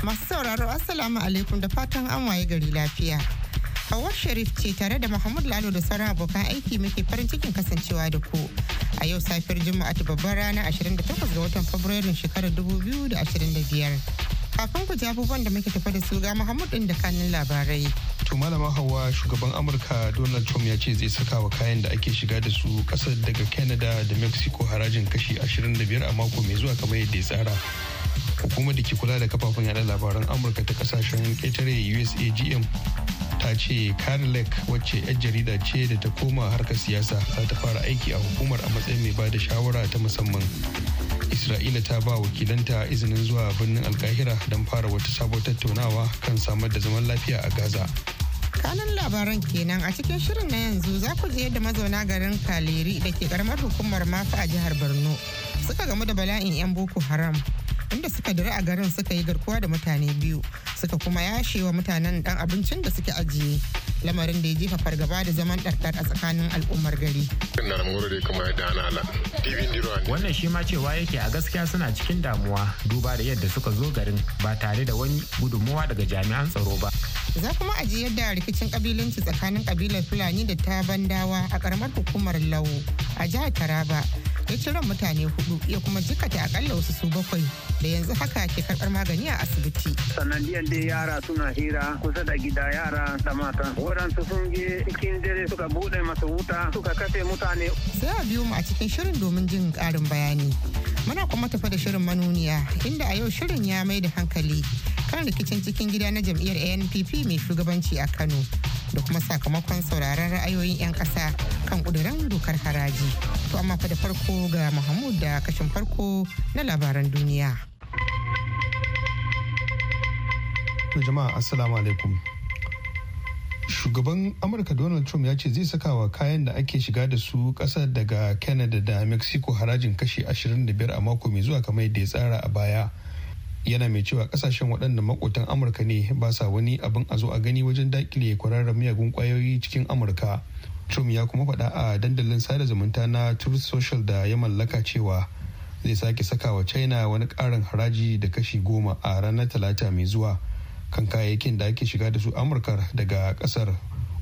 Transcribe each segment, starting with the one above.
Masu sauraro Assalamu alaikum da fatan an waye gari lafiya. Hawar Sharif ce tare da Muhammad Lalo da sauran abokan aiki muke farin cikin kasancewa da ku. A yau safiyar Juma'a ta babbar rana 28 ga watan Fabrairun shekarar 2025. Kafin ku ji abubuwan da muke tafa da su ga Muhammadu da kanin labarai. To malama Hawa shugaban Amurka Donald Trump ya ce zai saka wa kayan da ake shiga da su kasar daga Canada da Mexico harajin kashi 25 a mako mai zuwa kamar yadda ya tsara. hukumar da ke kula da kafafen yada labaran amurka ta kasashen ƙetare usagm ta ce karen wacce 'yan jarida ce da ta koma harkar siyasa za ta fara aiki a hukumar a matsayin mai ba da shawara ta musamman isra'ila ta ba wakilanta izinin zuwa birnin alkahira don fara wata sabuwar tattaunawa kan samar da zaman lafiya a gaza kanun labaran kenan a cikin shirin na yanzu za ku je da mazauna garin kaleri da ke karamar hukumar mafi a jihar borno suka gamu da bala'in 'yan boko haram inda suka dira a garin suka yi garkuwa da mutane biyu suka kuma yashe wa mutanen dan abincin da suke ajiye lamarin da ya jefa fargaba da zaman ɗarɗar a tsakanin al'ummar gari. Wannan shi ma cewa yake a gaskiya suna cikin damuwa duba da yadda suka zo garin ba tare da wani gudummawa daga jami'an tsaro ba. Za kuma aji yadda rikicin kabilanci tsakanin kabilar Fulani da ta bandawa a karamar hukumar Lawo a jihar Taraba ya ci ran mutane hudu ya kuma jikata akalla wasu su bakwai da yanzu haka ke karɓar magani a asibiti. Sanadiyar dai yara suna hira kusa da gida yara da mata. Waɗansu sun je cikin dare suka buɗe masu wuta suka kashe mutane. Sai a biyo mu a cikin shirin domin jin ƙarin bayani. Muna kuma tafa da shirin manuniya inda a yau shirin ya mai da hankali kan rikicin cikin gida na jam'iyyar ANPP mai shugabanci a Kano da kuma sakamakon sauraron ra'ayoyin 'yan ƙasa kan ƙuduran dokar haraji. To amma fa da farko ga Mahmud da kashin farko na labaran duniya. jama'a assalamu alaikum. Shugaban Amurka Donald Trump ya ce zai saka wa kayan da ake shiga da su ƙasa daga Canada da Mexico harajin kashi 25 a mako mai zuwa kamar da ya tsara a baya. Yana mai cewa kasashen waɗanda makotan Amurka ne ba sa wani abin a zo a gani wajen dakile kwararren miyagun ƙwayoyi cikin Amurka. Trump ya kuma faɗa a dandalin sada zumunta na Truth Social da ya mallaka cewa zai sake sakawa China wani ƙarin haraji da kashi goma a ranar Talata mai zuwa kan kayayyakin da ake shiga da su Amurka daga ƙasar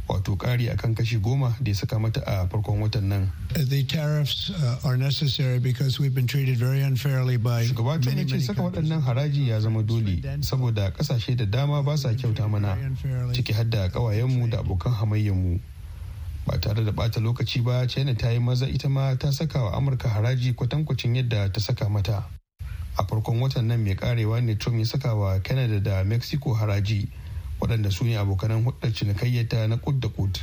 wato ƙari akan kashi goma da ya saka mata a farkon watan nan. The tariffs uh, are necessary because we've been treated very unfairly by Shugaba Trump ce saka waɗannan haraji ya zama dole saboda ƙasashe da dama ba sa kyauta mana ciki hadda da ƙawayenmu da abokan hamayyarmu. mu. ba tare da bata lokaci ba china ta yi maza ita ma ta saka wa amurka haraji kwatankwacin yadda ta saka mata a farkon watan nan mai karewa ne trump ya saka wa canada da mexico haraji waɗanda su ne abokanan hudar cinikayyata na kud da kud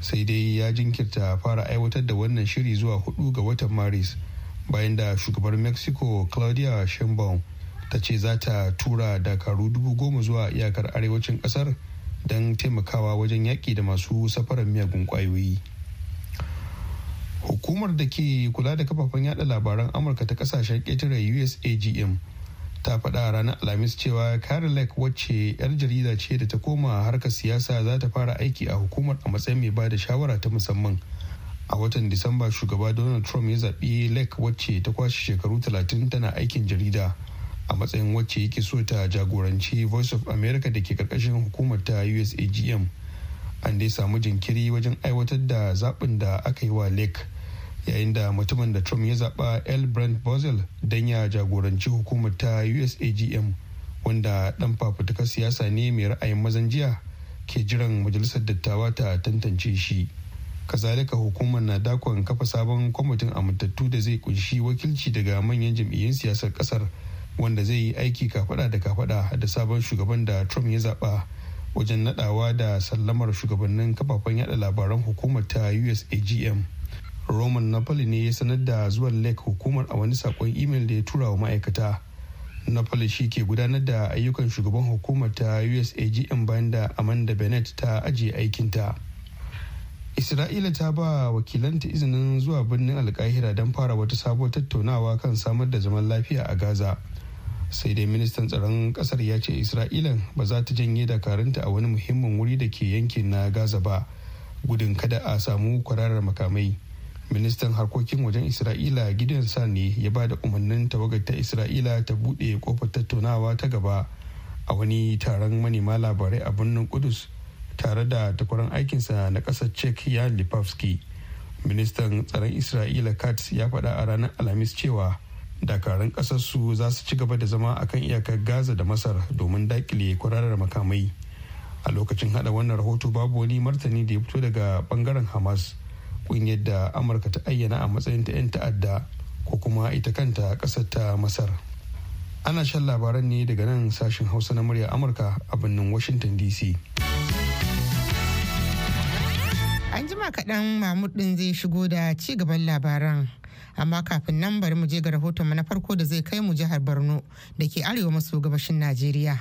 sai dai ya jinkirta fara aiwatar da wannan shiri zuwa hudu ga watan maris bayan da shugabar mexico claudia sheinbaum ta ce za ta tura dakaru dubu goma zuwa iyakar arewacin kasar don taimakawa wajen yaƙi da masu safarar miyagun ƙwayoyi hukumar da ke kula da kafafen yada labaran amurka ta kasashen ƙetare usagm ta faɗa ranar alhamis cewa karen lake wacce 'yar jarida ce da ta koma harkar siyasa za ta fara aiki a hukumar a matsayin mai bada shawara ta musamman a watan disamba shugaba donald trump ya zaɓi lake wacce ta kwashe shekaru 30 tana aikin jarida a matsayin wacce yake so ta jagoranci voice of america da ke karkashin hukumar ta usagm an dai samu jinkiri wajen aiwatar da zaɓin da aka yi wa lake yayin da mutumin da trump ya zaɓa l brent bozil don ya jagoranci hukumar ta usagm wanda ɗan fafutukar siyasa ne mai ra'ayin mazan jiya ke jiran majalisar dattawa ta tantance shi kazalika hukumar na dakon kafa sabon kwamitin amintattu da zai kunshi wakilci daga manyan jam'iyyun siyasar kasar wanda zai yi aiki kafada da kafada da sabon shugaban da trump ya zaba wajen nadawa da sallamar shugabannin kafafen yada labaran hukumar ta usagm roman napoli ne ya sanar da zuwan lake hukumar a wani sakon imel da ya tura wa ma'aikata napoli shi ke gudanar da ayyukan shugaban hukumar ta usagm bayan da amanda bennett ta ajiye aikinta isra'ila ta ba wakilanta izinin zuwa birnin alkahira don fara wata sabuwar tattaunawa kan samar da zaman lafiya a gaza sai dai ministan tsaron kasar ya ce isra'ila ba za ta janye dakarunta a wani muhimmin wuri da ke yankin na gaza ba gudun kada a samu kwararar makamai ministan harkokin wajen isra'ila gidan sa ne ya ba da umarnin tawagarta ta isra'ila ta buɗe kofar tattaunawa ta gaba a wani taron manema labarai a birnin kudus tare da takwaran aikinsa na ƙasar czech yan lipavsky ministan tsaron isra'ila katz ya faɗa a ranar alhamis cewa dakarun ƙasarsu za su ci gaba da zama akan iyakar gaza da masar domin dakile kwararar makamai a lokacin hada wannan rahoto babu wani martani da ya fito daga bangaren hamas kungiyar da amurka ta ayyana a matsayin ta 'yan ta'adda ko kuma ita kanta ƙasar ta masar ana shan labaran ne daga nan sashen hausa na murya amurka a birnin washington dc an jima kaɗan mamud zai shigo da ci gaban labaran amma kafin nan bari mu je ga rahotonmu na farko da zai kai mu jihar borno da ke arewa maso gabashin najeriya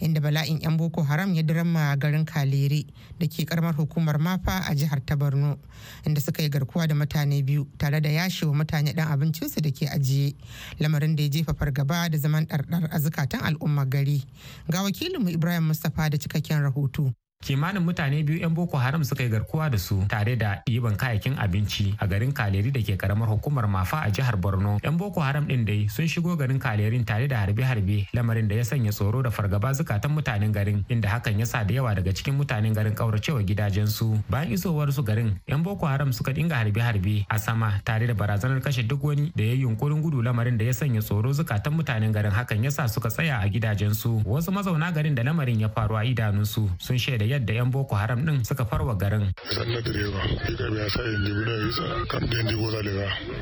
inda bala'in 'yan boko haram ya dirama garin Kaleri da ke karamar hukumar mafa a jihar ta borno inda suka yi garkuwa da mutane biyu tare da yashe wa mutane dan abincinsu da ke ajiye lamarin da ya jefa fargaba da zaman ɗarɗar a zukatan al'ummar gari ga wakilinmu ibrahim mustapha da cikakken rahoto kimanin mutane biyu 'yan boko haram suka yi garkuwa da su tare da ɗiban kayakin abinci a garin kaleri da ke karamar hukumar mafa a jihar borno 'yan boko haram ɗin dai sun shigo garin kalerin tare da harbe-harbe lamarin da ya sanya tsoro da fargaba zukatan mutanen garin inda hakan ya sa da yawa daga cikin mutanen garin kauracewa gidajensu bayan isowar su garin 'yan boko haram suka dinga harbe-harbe a sama tare da barazanar kashe duk wani da ya yi yunkurin gudu lamarin da ya sanya tsoro zukatan mutanen garin hakan ya sa suka tsaya a gidajensu wasu mazauna garin da lamarin ya faru a idanunsu sun shaida yadda 'yan boko haram din suka farwa garin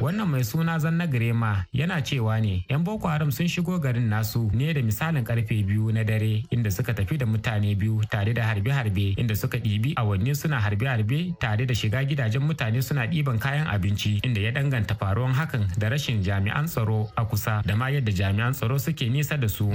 wannan mai suna zanna girema yana cewa ne 'yan boko haram sun shigo garin nasu ne da misalin karfe biyu na dare inda suka tafi da mutane biyu tare da harbe-harbe inda suka ɗibi awanni suna harbe-harbe tare da shiga gidajen mutane suna ɗiban kayan abinci inda ya danganta faruwan hakan da rashin jami'an tsaro a kusa da ma yadda jami'an tsaro suke nisa da su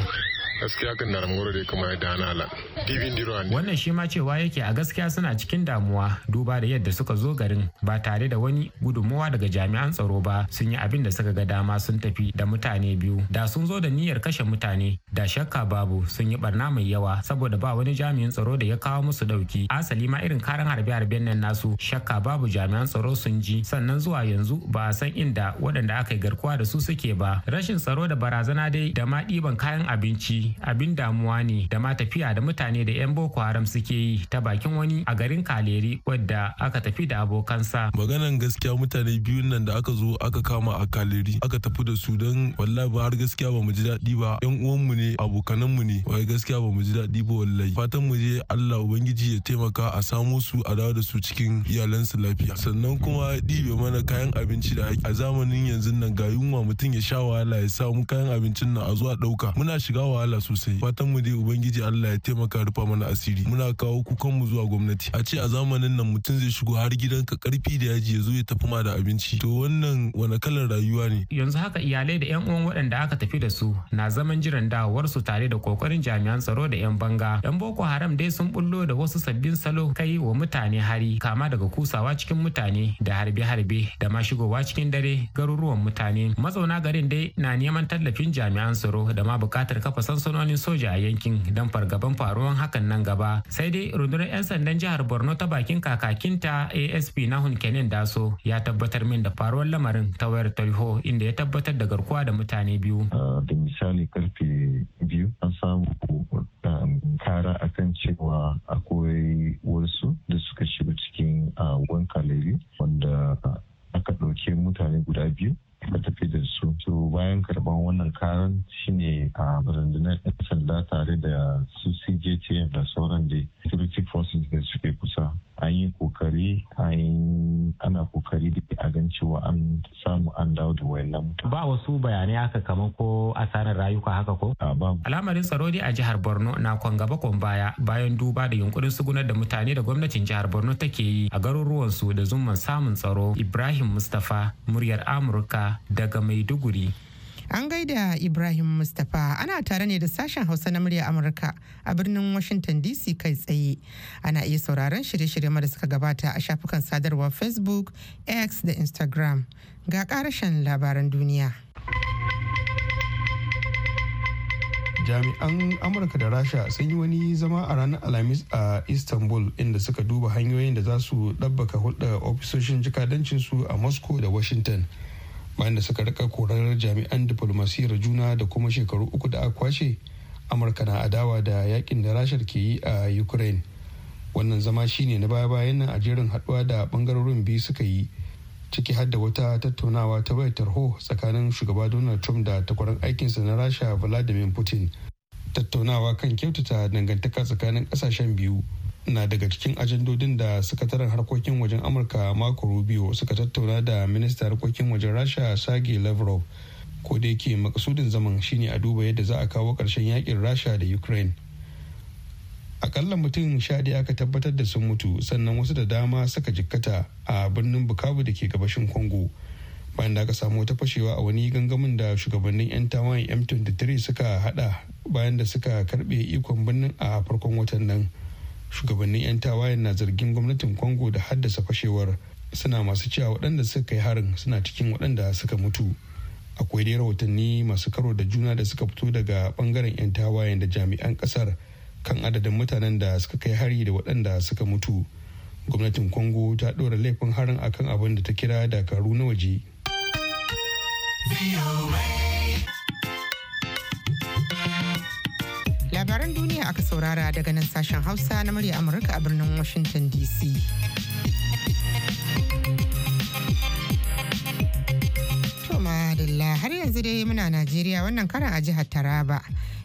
gaskiya kan da ramuwar da kuma ya dana la divin diro wannan shi ma cewa yake a gaskiya suna cikin damuwa duba da yadda suka zo garin ba tare da wani gudummawa daga jami'an tsaro ba sun yi abin da suka ga dama sun tafi da mutane biyu da sun zo da niyyar kashe mutane da shakka babu sun yi barna mai yawa saboda ba wani jami'in tsaro da ya kawo musu dauki asali ma irin karan harbe-harben nan nasu shakka babu jami'an tsaro sun ji sannan zuwa yanzu ba a san inda waɗanda aka yi garkuwa da su suke ba rashin tsaro da barazana dai da ma ɗiban kayan abinci abin damuwa ne da ma tafiya da mutane da 'yan boko haram suke yi ta bakin wani a garin kaleri wadda aka tafi da abokansa maganan gaskiya mutane biyu nan da aka zo aka kama a kaleri aka tafi da su don wallahi ba har gaskiya ba mu ji daɗi ba 'yan uwanmu ne abokananmu ne wai gaskiya ba mu ji daɗi ba wallahi fatan mu je Allah ubangiji ya taimaka a samo su a dawo da su cikin iyalansu lafiya sannan kuma ɗibe mana kayan abinci da a zamanin yanzu nan ga yunwa mutum ya sha wahala ya samu kayan abincin nan a zuwa ɗauka muna shiga wahala wahala sosai fatan mu dai ubangiji Allah ya taimaka rufa mana asiri muna kawo kukan mu zuwa gwamnati a ce a zamanin nan mutum zai shigo har gidan ka karfi da yaji ya zo ya tafi ma da abinci to wannan wani kalar rayuwa ne yanzu haka iyalai da yan uwan waɗanda aka tafi da su na zaman jiran dawowar su tare da kokarin jami'an tsaro da yan banga yan boko haram dai sun bullo da wasu sabbin salo kai wa mutane hari kama daga kusawa cikin mutane da harbe-harbe da ma shigowa cikin dare garuruwan mutane mazauna garin dai na neman tallafin jami'an tsaro da ma bukatar kafa san sansanonin soja a yankin don fargaban faruwan hakan nan gaba sai dai rundunar 'yan sandan jihar borno ta bakin kakakinta asp na hunkenin daso ya tabbatar min da faruwar lamarin ta wayar tarho inda ya tabbatar da garkuwa da mutane biyu da misali karfe biyu an samu um, kara kan cewa akwai wasu da suka shiga cikin uh, wanka lari wanda aka dauke mutane guda biyu ka tafi da su to bayan karban wannan karan shine a rundunar yan sanda tare da su da sauran da security forces da suke kusa an yi kokari ana kokari da a gan cewa an samu an dawo da wayan Ba wasu bayanai haka kamar ko asarar rayuka haka ko? Al'amarin tsaro ne a jihar Borno na kwan gaba baya bayan duba da yunkurin sugunar da mutane da gwamnatin jihar Borno take yi a garuruwan su da zuman samun tsaro Ibrahim Mustapha muryar Amurka daga Maiduguri. An gaida Ibrahim Mustapha ana tare ne da sashen Hausa na murya Amurka a birnin Washington DC kai tsaye. Ana iya sauraron shirye-shirye da suka gabata a shafukan sadarwar Facebook, X da Instagram. Ga karashen labaran duniya. Jami'an Amurka da Rasha sun yi wani zama a ranar Alhamis a Istanbul inda suka duba hanyoyin da za su ɗabbaka hulɗa ofisoshin jikadancinsu a Moscow da Washington. bayan da suka rika korar jami'an diplomasiyar juna da kuma shekaru uku da aka kwashe amurka na adawa da yakin da rashar ke yi a ukraine wannan zama shine na baya bayan nan a jerin haduwa da bangarorin biyu suka yi ciki har da wata tattaunawa ta wayar tarho tsakanin shugaba donald trump da takwarar aikinsa na rasha vladimir putin tattaunawa kan kyautata dangantaka tsakanin kasashen biyu na daga cikin ajandodin da sakataren harkokin wajen amurka marco rubio suka tattauna da minista harkokin wajen rasha sage lavrov ko da yake makasudin zaman shine a duba yadda za a kawo karshen yakin rasha da ukraine akalla mutum sha aka tabbatar da sun mutu sannan wasu da dama suka jikkata a birnin bukavu da ke gabashin congo bayan da aka samu wata fashewa a wani gangamin da shugabannin 'yan tawayen m23 suka hada bayan da suka karbe ikon birnin a farkon watan nan shugabannin 'yan tawayen na zargin gwamnatin congo da haddasa fashewar suna masu cewa waɗanda suka kai harin suna cikin waɗanda suka mutu akwai dai rahotanni masu karo da juna da suka fito daga ɓangaren 'yan tawayen da jami'an ƙasar kan adadin mutanen da suka kai hari da waɗanda suka mutu gwamnatin congo ta ɗora laifin harin akan abin da ta kira dakaru na waje. aka saurara daga nan sashen Hausa na murya Amurka a birnin Washington DC. Madalla har yanzu dai muna Najeriya wannan karan a jihar Taraba.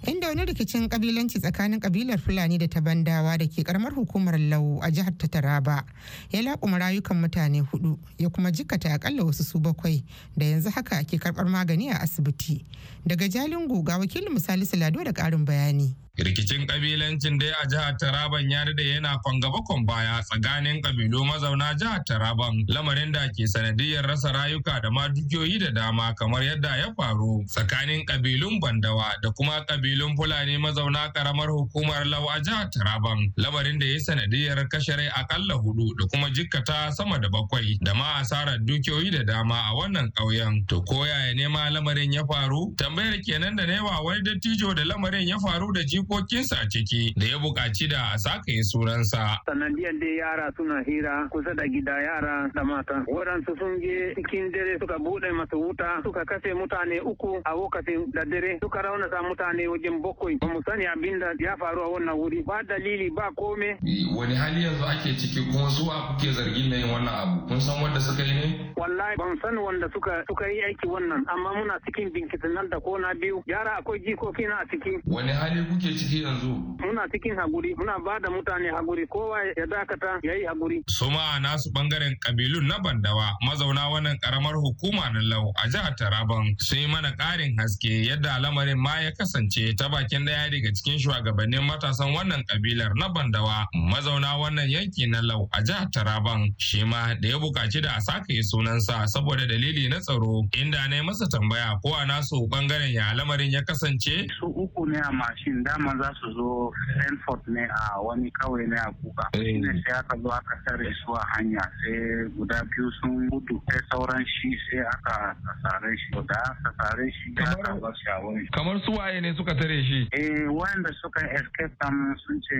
Inda wani rikicin kabilanci tsakanin kabilar Fulani da ta bandawa da ke karamar hukumar Lau a jihar ta Taraba ya laƙuma rayukan mutane hudu ya kuma jikata akalla wasu su bakwai da yanzu haka ake karɓar magani a asibiti. Daga Jalingu ga wakilin misali Lado da ƙarin bayani. rikicin kabilancin dai a jihar taraban ya da yana kwangaba baya tsakanin kabilu mazauna jihar taraban lamarin da ke sanadiyar rasa rayuka da ma dukiyoyi da dama kamar yadda ya faru tsakanin kabilun bandawa da kuma kabilun fulani mazauna karamar hukumar lau a jihar taraban lamarin da ya sanadiyar kashe rai akalla hudu da kuma jikkata sama da bakwai da ma asarar dukiyoyi da dama a wannan ƙauyen to ko ne nema lamarin ya faru tambayar kenan da na yawa wani dattijo da lamarin ya faru da jiku harkokinsa a ciki da ya buƙaci da a yi sunansa. Sanadiyar dai yara suna hira kusa da gida yara da mata. Waɗansu sun je cikin dare suka buɗe masa wuta suka kashe mutane uku a lokacin da dare suka raunata mutane wajen bakwai. Ba mu sani abin da ya faru a wannan wuri ba dalili ba kome. Wani hali yanzu ake ciki kuma su a kuke zargin na yin wannan abu kun san wanda suka yi ne? Wallahi ban san wanda suka suka yi aiki wannan amma muna cikin binciken da kona biyu yara akwai jikoki na a ciki. Wani hali kuke ciki yanzu? Muna cikin haguri, muna ba da mutane haguri, kowa ya dakata ya yi haguri. Suma nasu bangaren kabilun na bandawa mazauna wannan karamar hukuma na lau a jihar Taraban sun yi mana ƙarin haske yadda lamarin ma ya kasance ta bakin daya daga cikin shugabannin matasan wannan kabilar na bandawa mazauna wannan yanki na lau a jihar Taraban shi ma da ya buƙaci da a saka yi sunansa saboda dalili na tsaro inda na yi masa tambaya ko a nasu bangaren ya lamarin ya kasance. Su uku ne a mashin dama kuma za su zo Stanford ne a wani kawai na a kuka. Eh. Shine sai aka zo aka tare su a hanya sai guda biyu sun gudu sai sauran shi sai aka sare shi da aka shi da aka bar shi a wani. Kamar su waye ne suka tare shi? Eh wayanda suka escape tam sun ce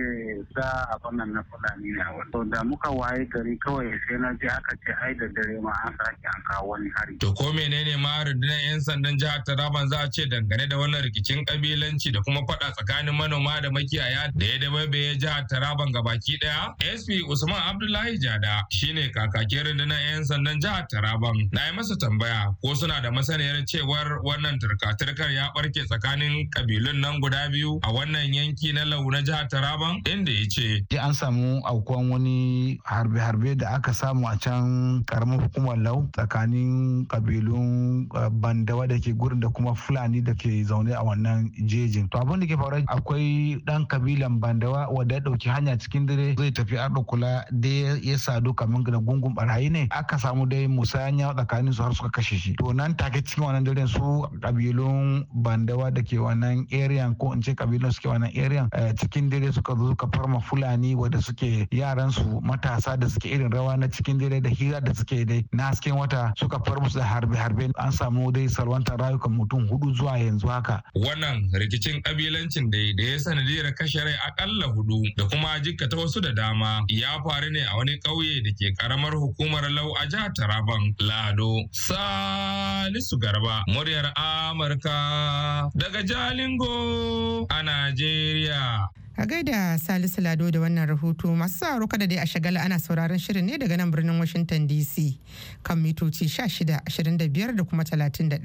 za a bannan na Fulani ne a wani. Da muka waye gari kawai sai na je aka ce ai da dare ma an sake an kawo wani hari. To ko menene ma rundunar 'yan sandan jihar Taraban za a ce dangane da wannan rikicin kabilanci da kuma faɗa tsakanin tsakanin manoma da makiyaya da ya ya jihar Taraban gabaki daya. SP Usman Abdullahi Jada shine kakakin rundunar 'yan sandan jihar Taraban. Na yi masa tambaya ko suna da masaniyar cewar wannan turka ya barke tsakanin kabilun nan guda biyu a wannan yanki na lau na jihar Taraban inda ya ce. An samu aukuwan wani harbe-harbe da aka samu a can karamar hukumar lau tsakanin kabilun eh, bandawa da ke gurin da kuma fulani da ke zaune a wannan jejin. To abin da ke faru a akwai dan kabilan bandawa wanda ya dauki hanya cikin dare zai tafi arɗa kula da ya sadu kamin da gungun barayi ne aka samu dai musanya tsakanin su har suka kashe shi to nan take cikin wannan daren su kabilun bandawa da ke wannan area ko in ce kabilun suke wannan area eh, cikin dare suka zo suka farma fulani wanda suke yaran su matasa da suke irin rawa na cikin dare da hira da suke dai na hasken wata suka far musu da harbe harbe an samu dai salwantar rayukan mutum hudu zuwa yanzu haka wannan rikicin kabilancin dai. da ya sanadiyar kashe rai akalla hudu da kuma jikkata wasu da dama ya faru ne a wani ƙauye da ke karamar hukumar lau a jihar Taraban Lado. Salisu Garba muryar Amurka daga Jalingo a Najeriya. A gaida Salisu Lado da wannan rahoto masu sauraro kada dai a shagala ana sauraron shirin ne daga nan birnin Washington DC kan mitoci 16, 25 da kuma 31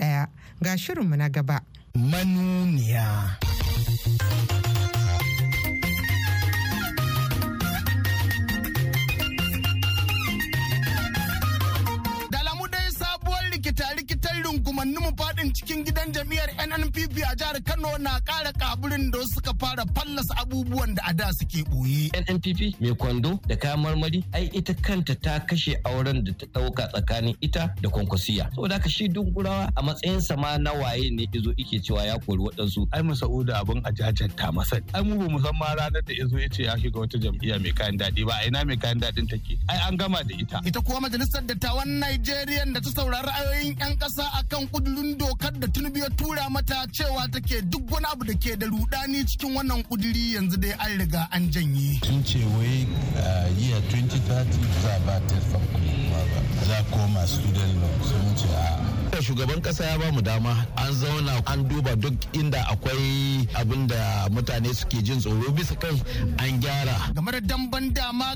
ga shirinmu na gaba. Manuniya. mu fadin cikin gidan jam'iyyar NNPP a jihar Kano na ƙara kaburin da suka fara fallasa abubuwan da a da suke ɓoye. NNPP mai kwando da kayan marmari ai ita kanta ta kashe auren da ta ɗauka tsakanin ita da kwankwasiya. Saboda ka shi dungurawa a sa ma na waye ne izo ike cewa ya kori waɗansu. Ai mu sa'uda abin a jajanta masa. Ai mu ba mu san ma ranar da izo ya ce ya shiga wata jam'iyya mai kayan daɗi ba aina mai kayan daɗin take. Ai an gama da ita. Ita kuwa majalisar dattawan Najeriya da ta saurari ra'ayoyin 'yan ƙasa akan kudurin dokar da Tinubu ya tura mata cewa take duk wani abu da ke da rudani cikin wannan kuduri yanzu dai an riga an janye. Sun ce wai uh, year 2030 za ba tarfa kuma ba za koma student loan sun ce a da shugaban kasa ya ba mu dama an zauna an duba duk inda akwai abin da mutane suke jin tsoro bisa kai an gyara game da damban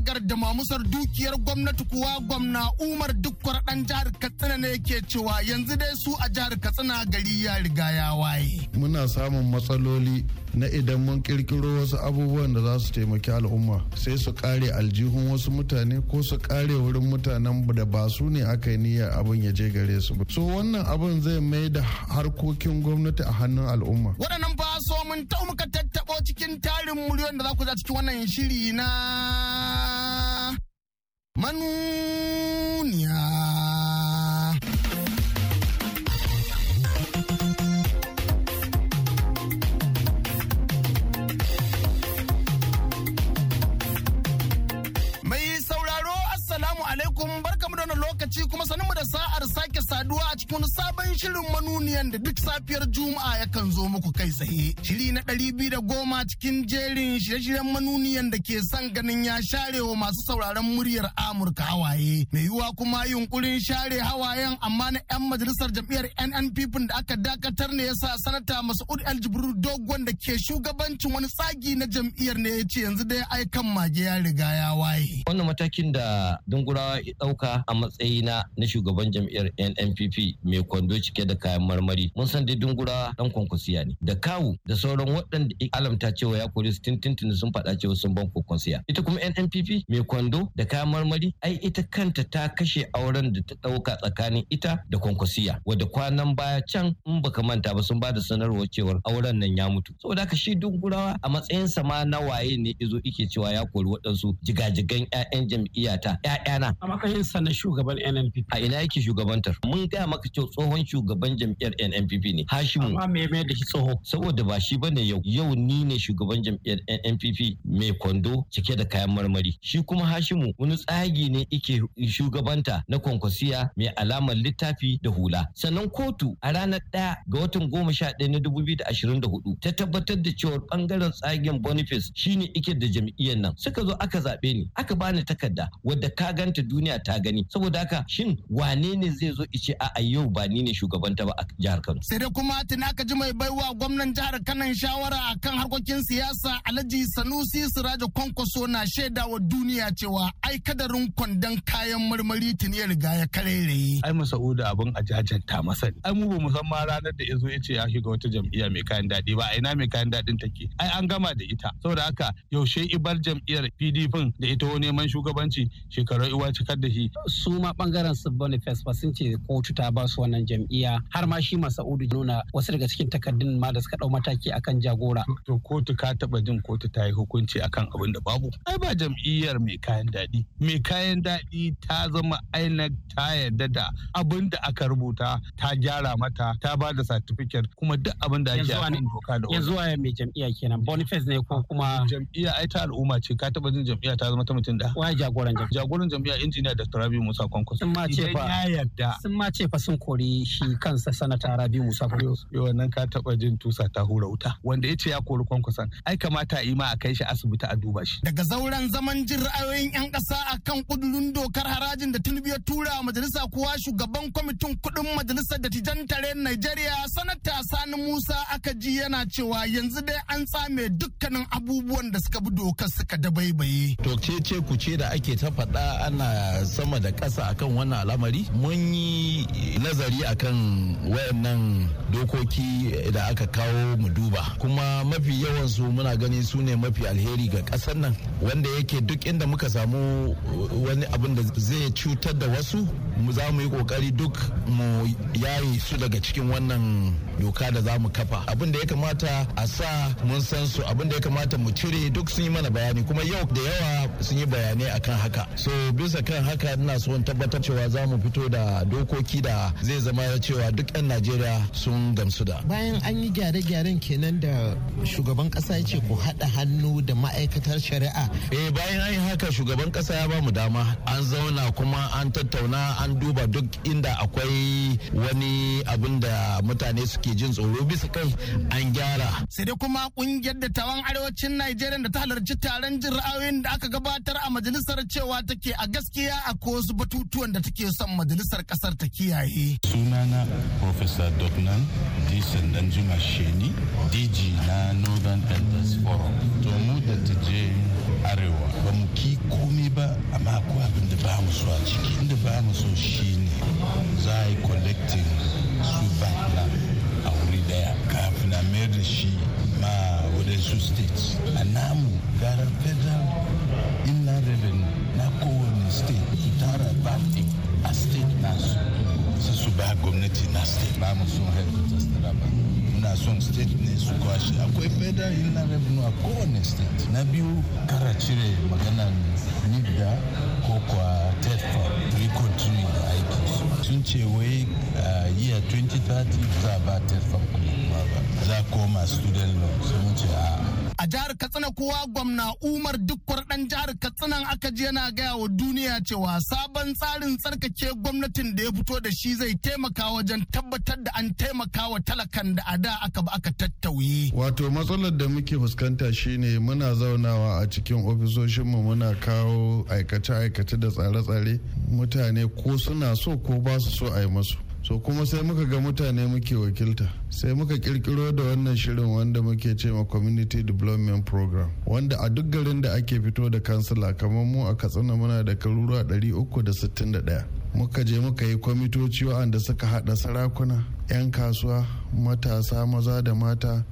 gar da mamusar dukiyar gwamnati kuwa gwamna umar dukkwar dan jihar katsina ne ke cewa yanzu dai su a jihar katsina gari ya riga ya waye muna samun matsaloli na idan mun kirkiro wasu abubuwan da za su taimaki al'umma sai su kare aljihun wasu mutane ko su kare wurin mutanen da ba su ne aka yi niyyar abin ya je gare su ba so wannan abin zai mai da harkokin gwamnati a hannun al'umma waɗannan ba so mun tau muka tattaɓo cikin tarin muryoyin da za ku za cikin wannan shiri na manuniya da sa'ar sake saduwa a cikin sabon shirin manuniyan da duk safiyar Juma'a yakan zo muku kai tsaye. Shiri na ɗari biyu da goma cikin jerin shirye-shiryen manuniyan da ke son ganin ya share wa masu sauraron muryar Amurka hawaye. Mai yiwuwa kuma yunkurin share hawayen amma na 'yan majalisar jam'iyyar NNPP da aka dakatar ne yasa sanata Mas'ud El Jibril Dogon da ke shugabancin wani tsagi na jam'iyyar ne ya ce yanzu dai ai kan mage ya riga ya waye. Wannan matakin da Dungurawa ya ɗauka a matsayina na shugaban shugaban jam'iyyar NNPP mai kwando cike da kayan marmari. Mun san dai dungura dan kwankwasiya ne. Da kawu da sauran waɗanda alamta cewa ya kori su tintintin sun faɗa cewa sun ban kwankwasiya. Ita kuma NNPP mai kwando da kayan marmari ai ita kanta ta kashe auren da ta ɗauka tsakanin ita da kwankwasiya. Wadda kwanan baya can in baka manta ba sun ba da sanarwar cewa auren nan ya mutu. Saboda haka shi dungurawa a matsayinsa ma na waye ne izo ike cewa ya kori waɗansu jigajigan 'ya'yan jam'iyyata 'ya'yana. A matsayinsa na shugaban NNPP. A ina da shugabantar mun gaya maka cewa tsohon shugaban jam'iyyar NNPP ne Hashimu amma me me da tsoho saboda ba shi bane yau yau ni ne shugaban jam'iyyar NNPP mai kwando cike da kayan marmari shi kuma Hashimu wani tsagi ne yake shugabanta na kwankwasiya mai alamar littafi da hula sannan kotu a ranar ɗaya ga watan goma sha ɗaya na dubu biyu da hudu ta tabbatar da cewa bangaren tsagin Boniface shine ike da jam'iyyar nan suka zo aka zaɓe ni aka bani takarda wadda ka ganta duniya ta gani saboda haka shin wa wane ne zai zo ice a yau ba ni ne shugaban ta ba a jihar Kano. Sai dai kuma tuna ka ji mai baiwa gwamnan jihar Kano shawara akan harkokin siyasa Alhaji Sanusi Siraja Kwankwaso na shaida wa duniya cewa ai kadarin kwandon kayan marmari tuni ya riga ya karere. Ai Masa'udu abin a jajanta masa Ai mu ba mu san ma ranar da yazo yace ya ce shiga wata jam'iyya mai kayan daɗi ba a ina mai kayan daɗin take. Ai an gama da ita. Saboda haka yaushe ibar jam'iyyar PDP da ita neman shugabanci shekaru uwa cikar da shi. Su ma bangaren su bane manifest ba sun ce kotu ta ba su wannan jam'iyya har ma shi masaudu nuna wasu daga cikin takardun ma da suka dau mataki akan jagora to kotu ka taba jin kotu ta yi hukunci akan abin da babu ai ba jam'iyyar mai kayan daɗi mai kayan daɗi ta zama INEC ta yarda da abin da aka rubuta ta gyara mata ta ba da certificate kuma duk abin da ake yi. doka da yanzu waye mai jam'iyya kenan boniface ne ko kuma jam'iyya ai ta al'umma ce ka taba jin jam'iyya ta zama ta mutum da waye jagoran jam'iyya jagoran jam'iyya injiniya Dr. Rabi Musa Kwankwaso in ma ce ba ya yarda sun ma ce fa sun kori shi kansa sanata rabi musa yo wannan ka taba jin tusa ta hura wuta wanda yace ya kori kwankwasan. ai kamata yi ma a kai shi asibiti a duba shi daga zauren zaman jin ra'ayoyin yan kasa akan kudurin dokar harajin da tinubu ya tura majalisa kuwa shugaban kwamitin kudin majalisar dattijan tare Najeriya sanata Sani Musa aka ji yana cewa yanzu dai an tsame dukkanin abubuwan da suka bi dokar suka dabaibaye to ce ce ku ce da ake ta faɗa ana sama da ƙasa akan wannan al'amari mun yi nazari akan wayannan dokoki da aka kawo mu duba kuma mafi yawan su muna gani su ne mafi alheri ga ƙasar nan wanda yake duk inda muka samu uh, wani abin da zai cutar da wasu mu za mu yi kokari duk mu yayi su daga cikin wannan doka da za mu kafa abin da ya kamata a sa mun san su abin da ya kamata mu cire duk sun yi mana bayani kuma yau da yawa sun yi bayanai akan haka so bisa kan haka ina so tabbatar cewa za mu fito da dokoki da zai zama ya cewa duk 'yan najeriya sun gamsu da bayan an yi gyare-gyaren kenan da shugaban kasa ya ce ku haɗa hannu da ma'aikatar shari'a eh bayan an yi haka shugaban kasa ya ba mu dama an zauna kuma an tattauna an duba duk inda akwai wani abin da mutane suke jin tsoro bisa kai an gyara sai dai kuma kungiyar tawan arewacin najeriya da ta halarci taron jin ra'ayoyin da aka gabatar a majalisar cewa take a gaskiya a wasu batutuwan da take son kan majalisar kasar ta kiyaye. Sunana Professor Doknan Disan Danjuma Sheni, DG na Northern Elders Forum. To mu da tije arewa ba mu ki komai ba amma ko abin da ba mu so a ciki. Inda ba mu so shine za a yi collecting su back a wuri daya kafin a mayar da shi ma wadansu states. A namu gara federal inland revenue na kowane state su tara back a state nasu sai su ba gwamnati na state ba mu sun headquarters tara ba muna son state ne su kwashe akwai federal inland revenue a kowane state na biyu kara cire maganan nida ko kwa tefa we continue da aiki sun ce wai uh, year 2030 za ba tefa kuma za koma student loan sun ce a a jihar katsina kowa gwamna umar dukkwar dan jihar katsinan aka ji yana gaya wa duniya cewa sabon tsarin tsarkake gwamnatin da ya fito da shi zai taimaka wajen tabbatar da an taimaka wa talakan da a da aka ba aka tattauye wato matsalar da muke fuskanta shine muna zaunawa a cikin ofisoshinmu muna kawo aikace-aikace da tsare-tsare mutane ko suna so ko ba su so a yi musu so kuma sai muka ga mutane muke wakilta sai muka kirkiro da wannan shirin wanda muke ce ma community development program wanda a duk garin da ake fito da kansila kamar mu a katsina muna da karuruwa 361 muka je muka yi kwamitoci wa'anda suka hada sarakuna 'yan kasuwa matasa maza da mata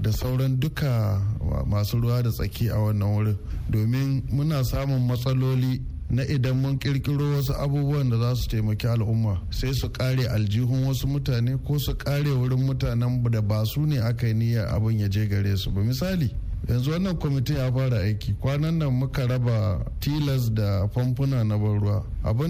da sauran duka masu ruwa da tsaki a wannan wurin domin muna samun matsaloli na idan mun kirkiro wasu abubuwan da za su taimaki al'umma sai su kare aljihun wasu mutane ko su kare wurin mutanen da ba su ne aka yi niyyar abin ya je gare su ba misali yanzu wannan kwamitin ya fara aiki kwanan nan muka raba tilas da famfuna na ban ruwa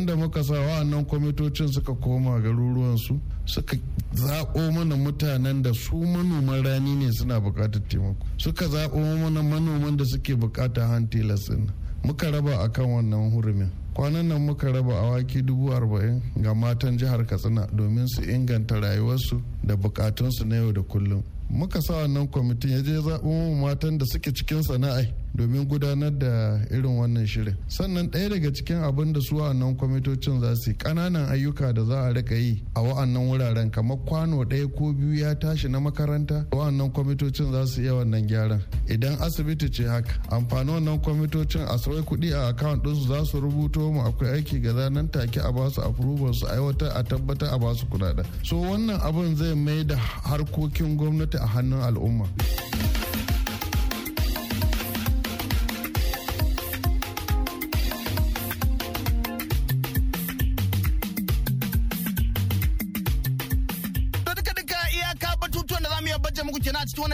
da muka sa wa'annan kwamitocin suka koma garuruwansu suka zaɓo mana mutanen da su manoman rani ne suna buƙatar taimako suka zaɓo mana manoman da suke buƙatar han tilas ɗin muka raba a kan wannan hurumin kwanan nan muka raba a waki dubu arba'in ga matan jihar katsina domin su inganta rayuwarsu da bukatunsu na yau da kullum muka sa wannan kwamitin ya je zaɓin matan da suke cikin sana'ai domin gudanar da irin wannan shirin sannan ɗaya daga cikin abin da su wa'annan kwamitocin za su yi ƙananan ayyuka da za a rika yi a wa'annan wuraren kamar kwano ɗaya ko biyu ya tashi na makaranta wa'annan kwamitocin za su iya wannan gyaran idan asibiti ce haka amfani wannan kwamitocin a sauri kuɗi a akawun ɗinsu za su rubuto mu akwai aiki ga zanen take a basu approval su aiwatar a tabbatar a basu kuɗaɗen so wannan abin zai mai da harkokin gwamnati a hannun al'umma.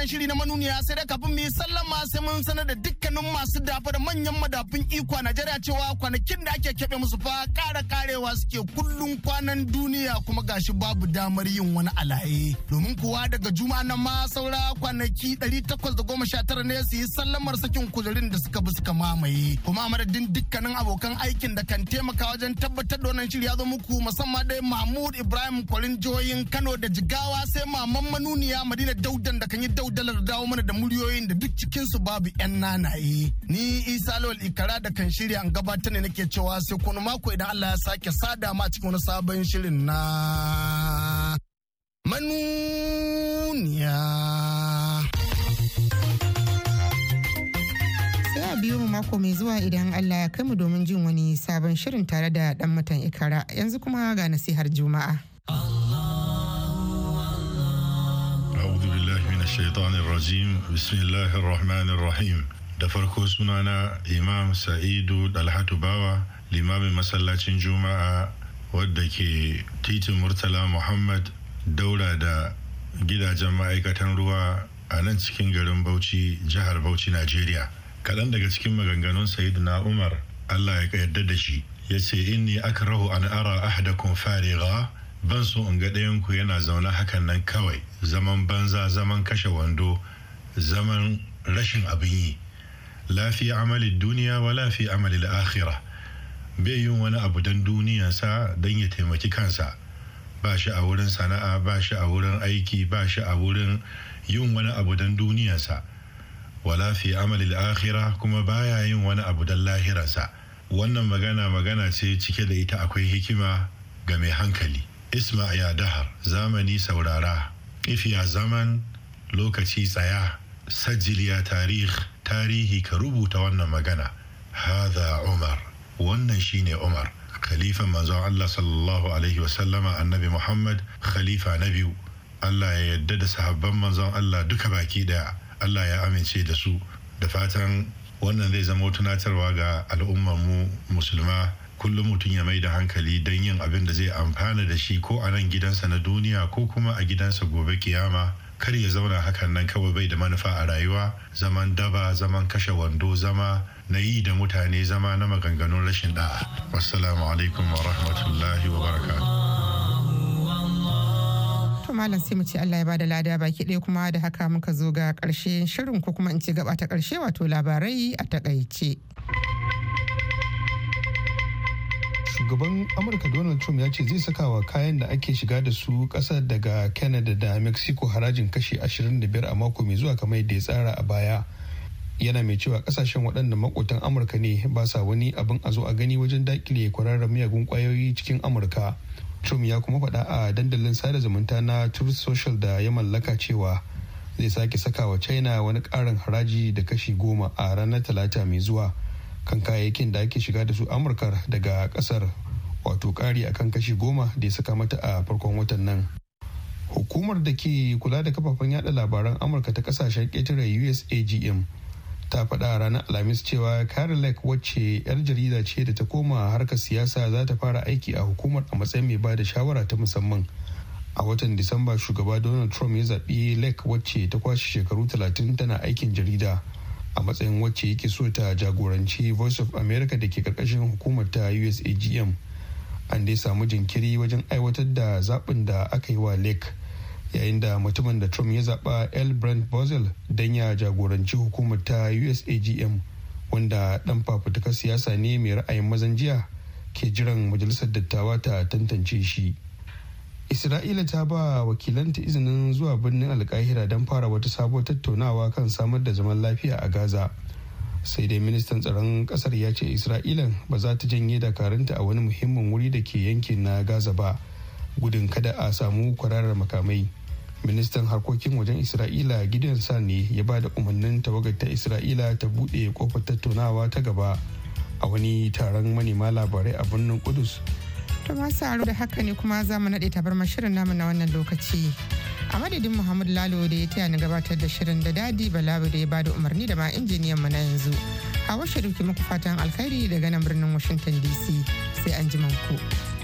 shiri na manuniya sai da kafin mu yi sallama sai mun sanar da tsakanin masu dafa da manyan madafun iko a Najeriya cewa kwanakin da ake keɓe musu fa ƙara karewa suke kullum kwanan duniya kuma gashi babu damar yin wani alaye. Domin kuwa daga juma'a na ma saura kwanaki 819 ne su yi sallamar sakin kujerin da suka bi suka mamaye. Kuma a madadin dukkanin abokan aikin da kan taimaka wajen tabbatar da wannan shirya zo muku musamman dai Mahmud Ibrahim Kwalin Joyin Kano da Jigawa sai Maman Manuniya Madina Daudan da kan yi daudalar dawo mana da muryoyin da duk cikinsu babu 'yan nanaye. yi. ni isa Lol ikara da kan shirya an gabatar ne nake cewa sai kuma mako idan Allah ya sake sada ma cikin wani sabon shirin na manuniya sai a biyo mu mako mai zuwa idan Allah ya kai mu domin jin wani sabon shirin tare da dan mutan ikara yanzu kuma ga nasihar juma'a أعوذ بالله من الشيطان الرجيم بسم الله الرحمن الرحيم da farko sunana imam sa'idu dalhatu bawa limamin masallacin juma'a wadda ke titin murtala muhammad daura da gidajen ma'aikatan ruwa a nan cikin garin bauchi jihar bauchi najeriya kaɗan daga cikin maganganun saidu na umar allah ya yarda da shi ya ce in inni rahu an ara ahadakum fariga ban so in ga ɗayanku yana zaune hakan nan kawai zaman banza zaman kashe wando zaman rashin abin yi lafi amalin duniya wa lafi amalin akhira bai yin wani abu don duniyarsa don ya taimaki kansa ba shi a wurin sana'a ba shi a wurin aiki ba shi a wurin yin wani abu don duniyarsa wala fi amalil akhira kuma baya yin wani abu don lahirarsa wannan magana magana ce cike da ita akwai hikima ga mai hankali isma ya dahar zamani saurara ifiya zaman lokaci tsaya sajiliya tarih tarihi ka rubuta wannan magana haza umar wannan shine umar khalifan manzon Allah sallallahu alaihi wa sallama annabi Muhammad khalifa na biyu Allah ya yadda da sahabban manzon Allah duka baki daya Allah ya amince da su da fatan wannan zai zama tunatarwa ga al'ummar mu musulma kullum mutum ya mai da hankali don yin abin da zai amfana da shi ko a nan gidansa na duniya ko kuma a gidansa gobe kiyama kar ya zauna hakan nan kawai bai da manufa a rayuwa zaman daba zaman kashe wando zama na yi da mutane zama na maganganun rashin da'a wassalamu alaikum wa rahmatullahi wa baraka malam sai mu ce Allah ya bada lada baki ɗaya kuma da haka muka zo ga ƙarshe shirin ko kuma in ci gaba ta ƙarshe wato labarai a takaice. shugaban amurka donald trump ya ce zai saka wa kayan da ake shiga da su ƙasa daga canada da mexico harajin kashi 25 a mako mai zuwa kamar yadda ya tsara a baya yana mai cewa kasashen waɗanda makotan amurka ne ba sa wani abin a zo a gani wajen dakile kwararren miyagun kwayoyi cikin amurka trump ya kuma faɗa a dandalin sada zumunta na truth social da ya mallaka cewa zai sake saka wa china wani ƙarin haraji da kashi goma a ranar talata mai zuwa kan kayayyakin da ake shiga da su amurka daga kasar wato kari akan kashi goma da ya saka mata a farkon watan nan hukumar da ke kula da kafafen yada labaran amurka ta kasashen ƙetare usagm ta faɗa ranar alhamis cewa kari lake wacce 'yar jarida ce da ta koma harkar siyasa za ta fara aiki a hukumar a matsayin mai ba da shawara ta musamman a watan disamba shugaba donald trump ya zaɓi lake wacce ta kwashe shekaru 30 tana aikin jarida a matsayin wacce yake so ta jagoranci voice of america da ke karkashin hukumar ta usagm an dai samu jinkiri wajen aiwatar da zaɓin da aka yi wa lake yayin da mutumin da trump ya zaɓa l brand bozel don ya jagoranci hukumar ta usagm wanda ɗan fafutukar siyasa ne mai ra'ayin mazan jiya ke jiran majalisar dattawa ta tantance shi isra'ila ta ba wakilanta izinin zuwa birnin alkahira don fara wata sabuwar tattaunawa kan samar da zaman lafiya a gaza sai dai ministan tsaron kasar ya ce isra'ila ba za ta janye dakarunta a wani muhimmin wuri da ke yankin na gaza ba gudun kada a samu kwararar makamai ministan harkokin wajen isra'ila gideon ne ya ba da umarnin tawagar ta isra'ila ta bude kofar tattaunawa ta gaba a wani taron manema labarai a birnin kudus To masu aro da haka ne kuma za mu naɗe tabar shirin namu na wannan lokaci. A madadin muhammadu Lalo da ya taya ni gabatar da shirin da Dadi Balabu da ya bada umarni da ma injiniyan mu na yanzu. A washe muku fatan alkhairi daga nan birnin Washington DC sai an ji ku.